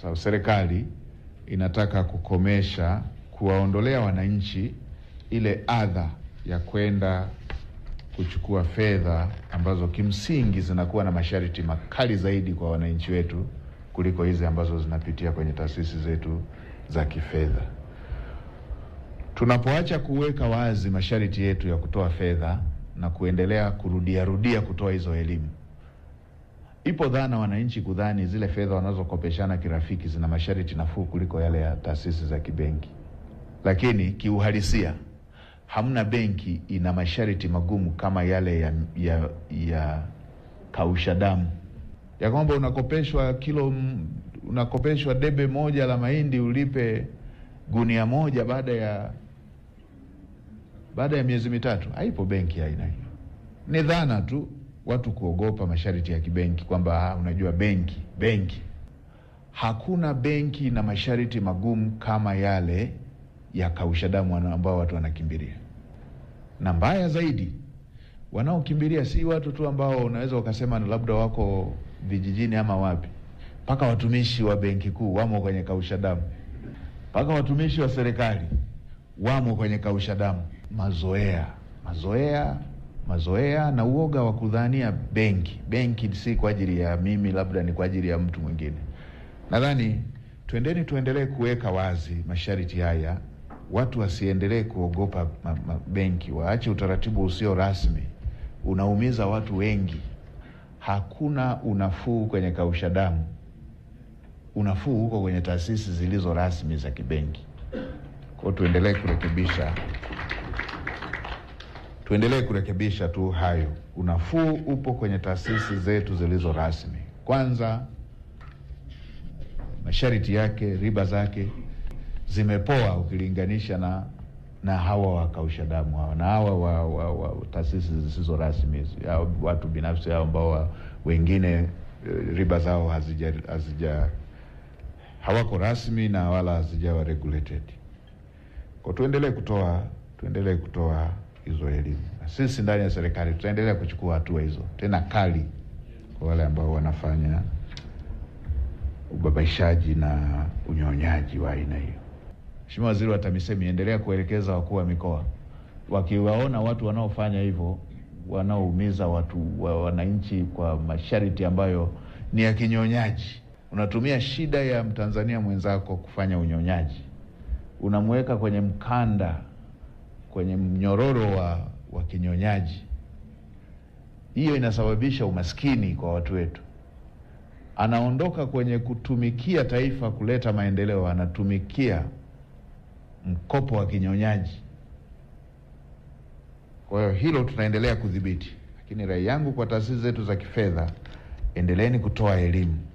sababu serikali inataka kukomesha kuwaondolea wananchi ile adha ya kwenda kuchukua fedha ambazo kimsingi zinakuwa na masharti makali zaidi kwa wananchi wetu kuliko hizi ambazo zinapitia kwenye taasisi zetu za kifedha. Tunapoacha kuweka wazi masharti yetu ya kutoa fedha na kuendelea kurudiarudia kutoa hizo elimu Ipo dhana wananchi kudhani zile fedha wanazokopeshana kirafiki zina masharti nafuu kuliko yale ya taasisi za kibenki, lakini kiuhalisia hamna benki ina masharti magumu kama yale ya, ya, ya kausha damu ya kwamba unakopeshwa kilo, unakopeshwa debe moja la mahindi ulipe gunia moja baada ya baada ya miezi mitatu. Haipo benki aina hiyo, ni dhana tu watu kuogopa masharti ya kibenki kwamba ah, unajua benki benki. Hakuna benki na masharti magumu kama yale ya kausha damu ambao watu wanakimbilia, na mbaya zaidi wanaokimbilia si watu tu ambao unaweza ukasema labda wako vijijini ama wapi, mpaka watumishi wa benki kuu wamo kwenye kausha damu, mpaka watumishi wa serikali wamo kwenye kausha damu. Mazoea, mazoea mazoea na uoga wa kudhania benki benki si kwa ajili ya mimi, labda ni kwa ajili ya mtu mwingine. Nadhani twendeni, tuendelee kuweka wazi masharti haya, watu wasiendelee kuogopa benki, waache utaratibu usio rasmi, unaumiza watu wengi. Hakuna unafuu kwenye kausha damu, unafuu huko kwenye taasisi zilizo rasmi za kibenki. Kwao tuendelee kurekebisha tuendelee kurekebisha tu hayo. Unafuu upo kwenye taasisi zetu zilizo rasmi, kwanza masharti yake, riba zake zimepoa ukilinganisha na na hawa wakausha damu hawa na hawa wa, wa, wa, wa taasisi zisizo rasmi, watu binafsi hao ambao wengine eh, riba zao hazija, hazija hawako rasmi na wala hazijawa regulated. Kwa tuendelee kutoa tuendelee kutoa hizo elimu. Sisi ndani ya serikali tutaendelea kuchukua hatua hizo tena kali kwa wale ambao wanafanya ubabaishaji na unyonyaji wa aina hiyo. Mheshimiwa Waziri wa TAMISEMI, endelea kuelekeza wakuu wa mikoa wakiwaona watu wanaofanya hivyo wanaoumiza watu wa wananchi kwa masharti ambayo ni ya kinyonyaji. Unatumia shida ya Mtanzania mwenzako kufanya unyonyaji, unamweka kwenye mkanda kwenye mnyororo wa, wa kinyonyaji. Hiyo inasababisha umaskini kwa watu wetu. Anaondoka kwenye kutumikia taifa kuleta maendeleo, anatumikia mkopo wa kinyonyaji. Kwa hiyo hilo tunaendelea kudhibiti, lakini rai yangu kwa taasisi zetu za kifedha, endeleeni kutoa elimu.